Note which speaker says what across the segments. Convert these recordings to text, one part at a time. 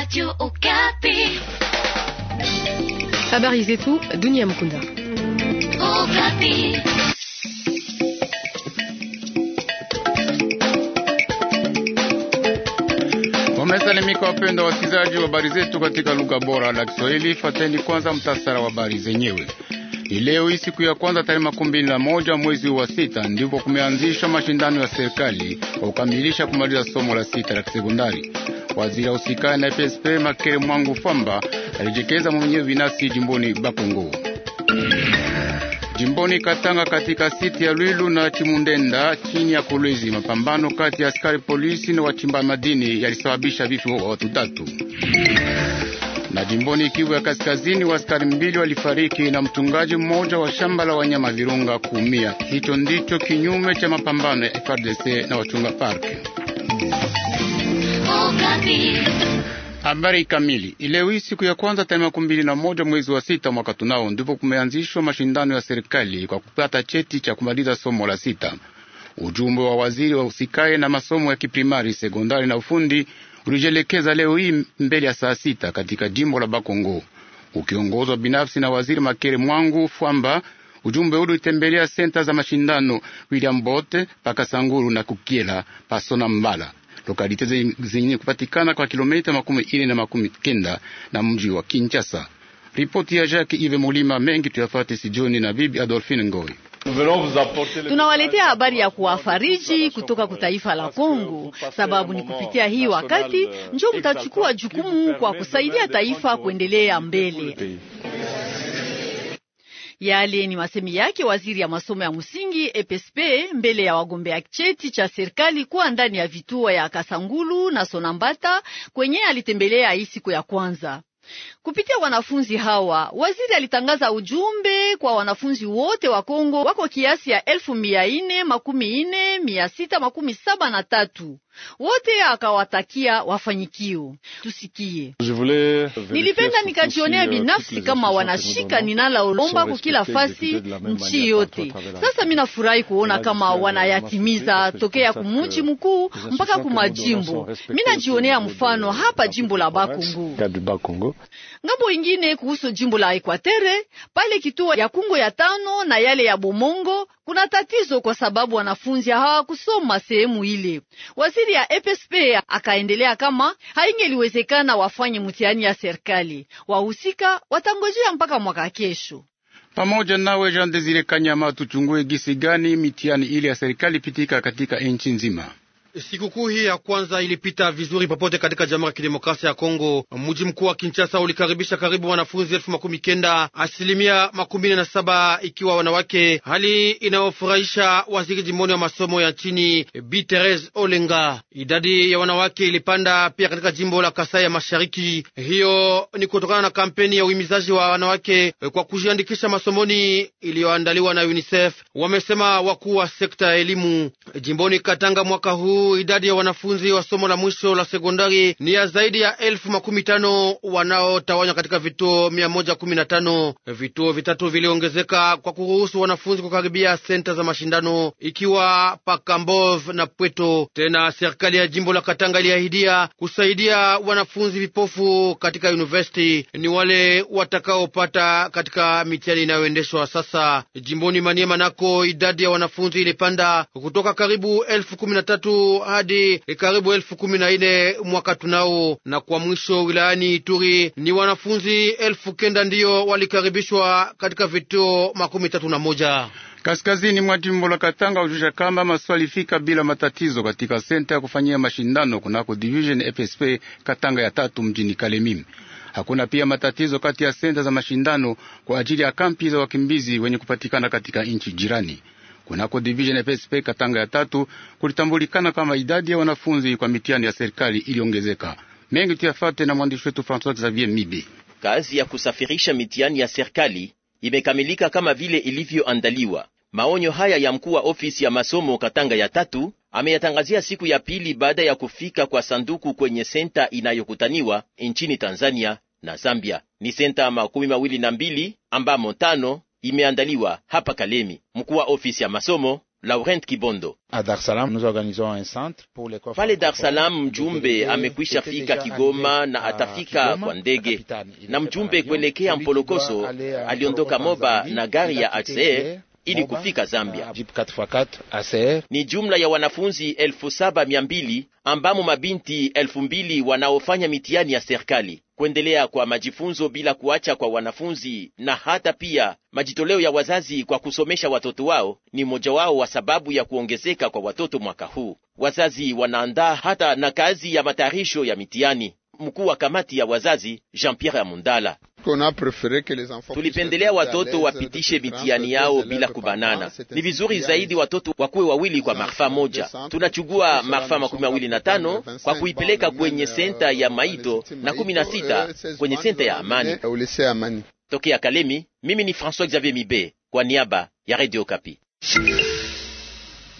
Speaker 1: Radio Okapi.
Speaker 2: Habari zetu dunia mkunda.
Speaker 1: Okapi.
Speaker 3: Wamesalimika wapenda wasikizaji wa habari zetu katika lugha bora la Kiswahili. Fateni kwanza mtasara wa habari zenyewe. Leo hii siku ya kwanza tarehe makumi mbili na moja mwezi wa sita ndipo kumeanzishwa mashindano ya serikali kwa kukamilisha kumaliza somo la sita la kisekondari. Waziri ausikani na PSP Makere Mwangu Famba alijekeza mwenyewe binafsi jimboni Bakongo. Jimboni Katanga katika siti ya Lwilu na Chimundenda chini ya Kolwezi, mapambano kati ya askari polisi na wachimba madini yalisababisha vifo wa watu tatu. Na jimboni Kivu ya Kaskazini, askari mbili walifariki na mtungaji mmoja wa shamba la wanyama Virunga kuumia. Hicho ndicho kinyume cha mapambano ya frdc na wachunga parke. Habari kamili. ileo hii siku ya kwanza tarehe makumi mbili na moja mwezi wa sita mwaka tunao, ndipo kumeanzishwa mashindano ya serikali kwa kupata cheti cha kumaliza somo la sita. Ujumbe wa waziri wa usikae na masomo ya kiprimari, sekondari na ufundi ulijielekeza leo hii mbele ya saa sita katika jimbo la Bakongo ukiongozwa binafsi na waziri Makere Mwangu Fwamba. Ujumbe ule ulitembelea senta za mashindano William Bote, Pakasanguru na Kukiela, Pasona Mbala lokalite zingine kupatikana kwa kilomita makumi ine na makumi kenda na mji wa Kinshasa. Ripoti ya Jacques Ive Mulima mengi tuyafate sijoni na bibi Adolfine Ngoi.
Speaker 2: Tunawaletea habari ya kuwafariji kutoka kutaifa taifa la Kongo, sababu ni kupitia hii wakati euh, njo mtachukua jukumu kwa kusaidia taifa kuendelea mbele. Yale ni masemi yake waziri ya masomo ya msingi EPSP mbele ya wagombea cheti cha serikali kuwa ndani ya vituo ya Kasangulu na Sonambata kwenye alitembelea hii siku ya kwanza. Kupitia wanafunzi hawa, waziri alitangaza ujumbe kwa wanafunzi wote wa Kongo wako kiasi ya elfu mia ine makumi ine mia sita makumi saba na tatu wote akawatakia wafanyikio Tusikie. Nilipenda nikajionea euh, binafsi kama wanashika ninalaomba kukila fasi nchi yote. Sasa minafurahi kuona kama euh, wanayatimiza tokea kumuji mkuu mpaka kumajimbo. Minajionea mfano hapa jimbo la Bakungu, ngambo ingine kuhusu jimbo la Ekwatere, pale kituo ya Kungo ya tano na yale ya Bomongo kuna tatizo kwa sababu wanafunzi hawakusoma sehemu ile Waziri ajili ya EPSP. Akaendelea kama haingeliwezekana wafanye mtihani ya serikali, wahusika watangojea mpaka mwaka kesho.
Speaker 3: Pamoja nawe Jean Desire Kanyama, tuchungue gisi gani mitihani ile ya serikali pitika katika nchi nzima.
Speaker 4: Sikukuu hii ya kwanza ilipita vizuri popote katika Jamhuri ya Kidemokrasia ya Kongo. Mji mkuu wa Kinshasa ulikaribisha karibu wanafunzi elfu makumi kenda, asilimia makumi na saba ikiwa wanawake, hali inayofurahisha waziri jimboni wa masomo ya nchini b Therese Olenga. Idadi ya wanawake ilipanda pia katika jimbo la Kasai ya Mashariki. Hiyo ni kutokana na kampeni ya uhimizaji wa wanawake kwa kujiandikisha masomoni iliyoandaliwa na UNICEF, wamesema wakuu wa sekta ya elimu jimboni Katanga mwaka huu idadi ya wanafunzi wa somo la mwisho la sekondari ni ya zaidi ya elfu makumi tano wanaotawanywa katika vituo mia moja kumi na tano. Vituo vitatu viliongezeka kwa kuruhusu wanafunzi kukaribia senta za mashindano ikiwa Pakambov na Pweto. Tena serikali ya jimbo la Katanga iliahidia kusaidia wanafunzi vipofu katika university, ni wale watakaopata katika mitihani inayoendeshwa sasa jimboni Maniema. Nako idadi ya wanafunzi ilipanda kutoka karibu elfu kumi na tatu hadi eh, karibu elfu kumi na ine mwaka tunao, na kwa mwisho wilayani Ituri ni wanafunzi elfu kenda ndiyo walikaribishwa katika vituo makumi tatu na moja kaskazini mwa jimbo la Katanga ujusha kamba maswali
Speaker 3: fika bila matatizo katika senta ya kufanyia mashindano kunako division FSP Katanga ya tatu mjini Kalemim. Hakuna pia matatizo kati ya senta za mashindano kwa ajili ya kampi za wakimbizi wenye kupatikana katika nchi jirani. Kunako division ya PSP Katanga ya tatu kulitambulikana kama idadi ya wanafunzi kwa mitihani ya serikali iliongezeka. Mengi
Speaker 5: tuyafate na mwandishi wetu Francois Xavier Mibi. Kazi ya kusafirisha mitihani ya serikali imekamilika kama vile ilivyoandaliwa. Maonyo haya ya mkuu wa ofisi ya masomo Katanga ya tatu ameyatangazia siku ya pili baada ya kufika kwa sanduku kwenye senta inayokutaniwa nchini Tanzania na Zambia. Ni senta makumi mawili na mbili ambamo tano imeandaliwa hapa Kalemi. Mkuu wa ofisi ya masomo Laurent Kibondo pale Dar es Salaam. Mjumbe amekwisha fika Kigoma na atafika kwa ndege, na mjumbe kuelekea Mpolokoso aliondoka Moba na gari ya HCR e ili kufika Zambia. Uh, ni jumla ya wanafunzi elfu saba mia mbili ambamo mabinti elfu mbili wanaofanya mitihani ya serikali. Kuendelea kwa majifunzo bila kuacha kwa wanafunzi na hata pia majitoleo ya wazazi kwa kusomesha watoto wao ni mmoja wao wa sababu ya kuongezeka kwa watoto mwaka huu. Wazazi wanaandaa hata na kazi ya matayarisho ya mitihani. Mkuu wa kamati ya wazazi Jean Pierre Amundala
Speaker 6: Tulipendelea watoto wapitishe mitihani yao
Speaker 5: bila kubanana. Ni vizuri zaidi watoto wakuwe wawili kwa marfa moja. Tunachugua marfa makumi mawili na tano kwa kuipeleka kwenye senta ya Maito na kumi na sita euh, kwenye senta ya Amani. Tokea Kalemi, mimi ni François Xavier Mibe kwa niaba ya Radio Kapi.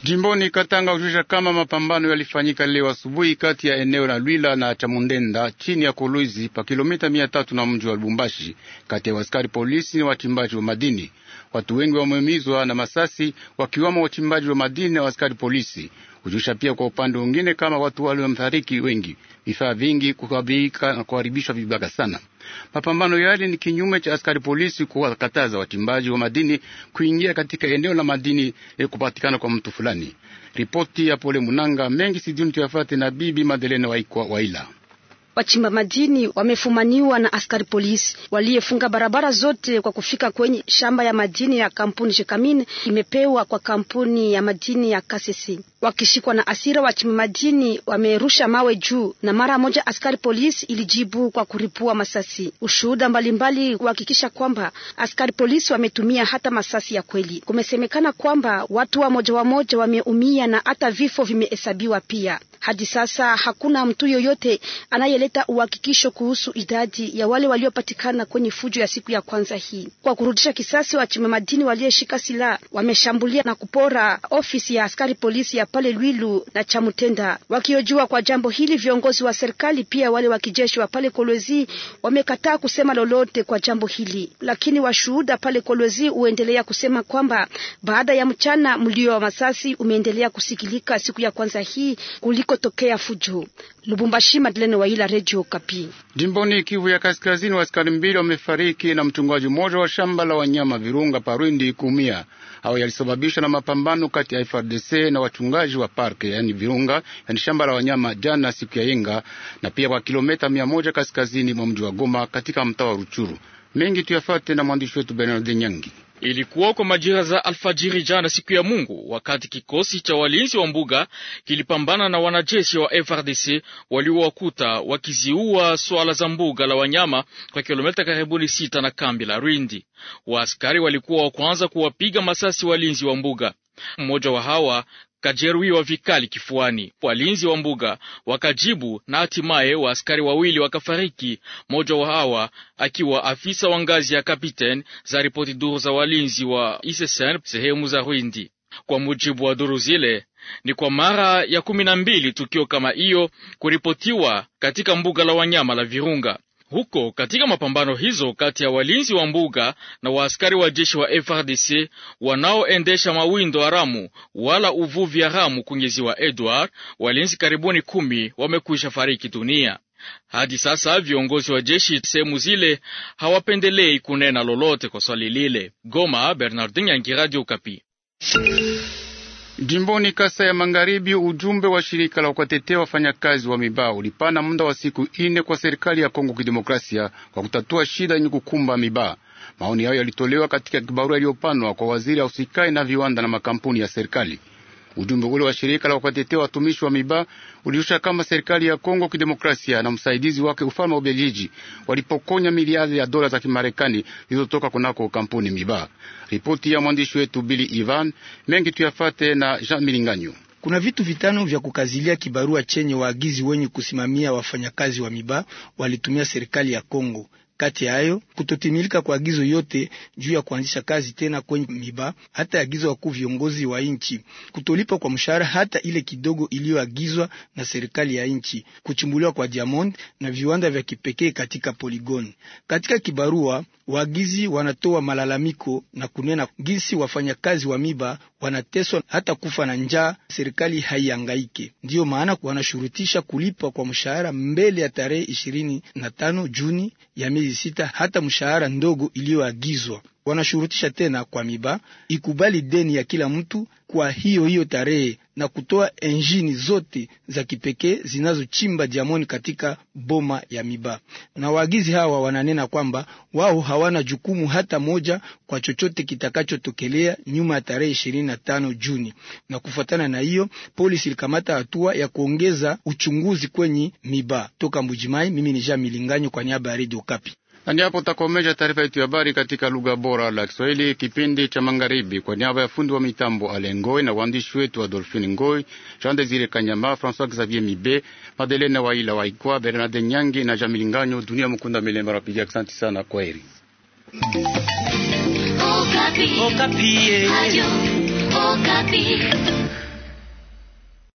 Speaker 5: Jimboni Katanga
Speaker 3: ujusha kama mapambano yalifanyika leo asubuhi kati ya eneo la Lwila na Chamundenda chini ya Kolwezi pa kilomita mia tatu na mji wa Lubumbashi, kati ya askari polisi na wachimbaji wa madini. Watu wengi wameumizwa na masasi, wakiwamo wachimbaji wa madini na askari polisi. Kujusha pia kwa upande mwingine kama watu waliofariki wengi, vifaa vingi kuharibika na kuharibishwa vibaga sana. Mapambano yale ni kinyume cha askari polisi kuwakataza wachimbaji wa madini kuingia katika eneo la madini ili kupatikana kwa mtu fulani. Ripoti ya Pole Munanga mengi sijuni tuyafate na Bibi Madelene Waikwa Waila.
Speaker 1: Wachimba madini wamefumaniwa na askari polisi waliyefunga barabara zote kwa kufika kwenye shamba ya madini ya kampuni Shekamine imepewa kwa kampuni ya madini ya Kasese. Wakishikwa na asira, wachimba madini wamerusha mawe juu, na mara moja askari polisi ilijibu kwa kuripua masasi. Ushuhuda mbalimbali kuhakikisha kwamba askari polisi wametumia hata masasi ya kweli. Kumesemekana kwamba watu wa moja wa moja wameumia na hata vifo vimehesabiwa pia. Hadi sasa hakuna mtu yoyote anayeleta uhakikisho kuhusu idadi ya wale waliopatikana kwenye fujo ya siku ya kwanza hii. Kwa kurudisha kisasi, wachimba madini waliyeshika silaha wameshambulia na kupora ofisi ya askari polisi ya pale Lwilu na Chamutenda. Wakiojua kwa jambo hili, viongozi wa serikali pia wale wa kijeshi wa pale Kolwezi wamekataa kusema lolote kwa jambo hili, lakini washuhuda pale Kolwezi huendelea kusema kwamba baada ya mchana, mlio wa masasi umeendelea kusikilika siku ya kwanza hii kuliko ilipotokea fujo. Lubumbashi, Madlene Waila, Radio Kapi.
Speaker 3: Jimboni Kivu ya Kaskazini, askari mbili wamefariki na mchungaji mmoja wa shamba la wanyama Virunga Parwindi kuumia. Hayo yalisababishwa na mapambano kati ya FRDC na wachungaji wa parke yani Virunga, yani shamba la wanyama, jana siku ya Yenga, na pia kwa kilomita mia moja kaskazini mwa mji wa Goma katika mtaa wa Ruchuru. Mengi tuyafate na mwandishi wetu Bernard Nyangi.
Speaker 7: Ilikuwa kwa majira za alfajiri jana siku ya Mungu, wakati kikosi cha walinzi wa mbuga kilipambana na wanajeshi wa FRDC waliowakuta wakiziua swala za mbuga la wanyama kwa kilomita karibuni sita na kambi la Rwindi. Waaskari walikuwa wa kwanza kuwapiga masasi walinzi wa mbuga. Mmoja wa hawa kajeruhiwa vikali kifuani. Walinzi wa mbuga wakajibu na hatimaye waaskari wawili wakafariki, mmoja wa hawa akiwa afisa wa ngazi ya kapiten, za ripoti duru za walinzi wa ISSN sehemu za Rwindi. Kwa mujibu wa duru zile, ni kwa mara ya kumi na mbili tukio kama hiyo kuripotiwa katika mbuga la wanyama la Virunga huko katika mapambano hizo kati ya walinzi wa mbuga na waaskari wa jeshi wa FRDC wanaoendesha mawindo haramu wala uvuvi haramu kwenye ziwa Edward, walinzi karibuni kumi wamekwisha fariki dunia. Hadi sasa viongozi wa jeshi sehemu zile hawapendelei kunena lolote kwa swali lile. Goma, Bernardin Yangi, Radio Okapi.
Speaker 3: Jimboni Kasa ya Magharibi, ujumbe wa shirika la kuwatetea wafanyakazi wa mibaa ulipana muda wa siku ine kwa serikali ya Kongo Kidemokrasia kwa kutatua shida yenye kukumba mibaa. Maoni hayo yalitolewa katika kibarua iliyopanwa kwa waziri ausikai na viwanda na makampuni ya serikali. Ujumbe ule wa shirika la kutetea watumishi wa miba uliusha kama serikali ya Kongo Kidemokrasia na msaidizi wake ufalme wa Ubelgiji walipokonya miliardi ya dola za Kimarekani zilizotoka kunako kampuni miba. Ripoti ya mwandishi wetu Bili Ivan mengi tuyafate na Jean Milinganyo.
Speaker 6: Kuna vitu vitano vya kukazilia kibarua chenye waagizi wenye kusimamia wafanyakazi wa miba walitumia serikali ya Kongo kati ya hayo kutotimilika kwa agizo yote juu ya kuanzisha kazi tena kwenye miba, hata agizo wakuu viongozi wa nchi, kutolipa kwa mshahara hata ile kidogo iliyoagizwa na serikali ya nchi, kuchimbuliwa kwa diamond na viwanda vya kipekee katika poligoni. Katika kibarua waagizi wanatoa malalamiko na kunena jinsi wafanyakazi wa miba wanateswa hata kufa na njaa, serikali haiangaike Ndiyo maana wanashurutisha kulipwa kwa mshahara mbele ya tarehe ishirini na tano Juni ya miezi sita, hata mshahara ndogo iliyoagizwa wanashurutisha tena kwa miba ikubali deni ya kila mtu kwa hiyo hiyo tarehe na kutoa enjini zote za kipekee zinazochimba jamoni katika boma ya miba. Na waagizi hawa wananena kwamba wao hawana jukumu hata moja kwa chochote kitakachotokelea nyuma ya tarehe ishirini na tano Juni. Na kufuatana na hiyo, polisi ilikamata hatua ya kuongeza uchunguzi kwenye miba. Toka Mbujimai, mimi ni Jean Milinganyo kwa niaba ya Radio Kapi
Speaker 3: na ndipo takomesha taarifa yetu ya habari katika lugha bora la Kiswahili, kipindi cha magharibi. Kwa niaba ya fundi wa mitambo Alengoi na waandishi wetu Adolfine Ngoi, Jean Desire Kanyama, françois Xavier Mibe, Madelene Waila Waikwa, Bernard Nyangi na Nganyo, Dunia Mukunda Milemba Rapiga. Asante sana, kwa heri.
Speaker 7: Okapi. Okapi. Eh.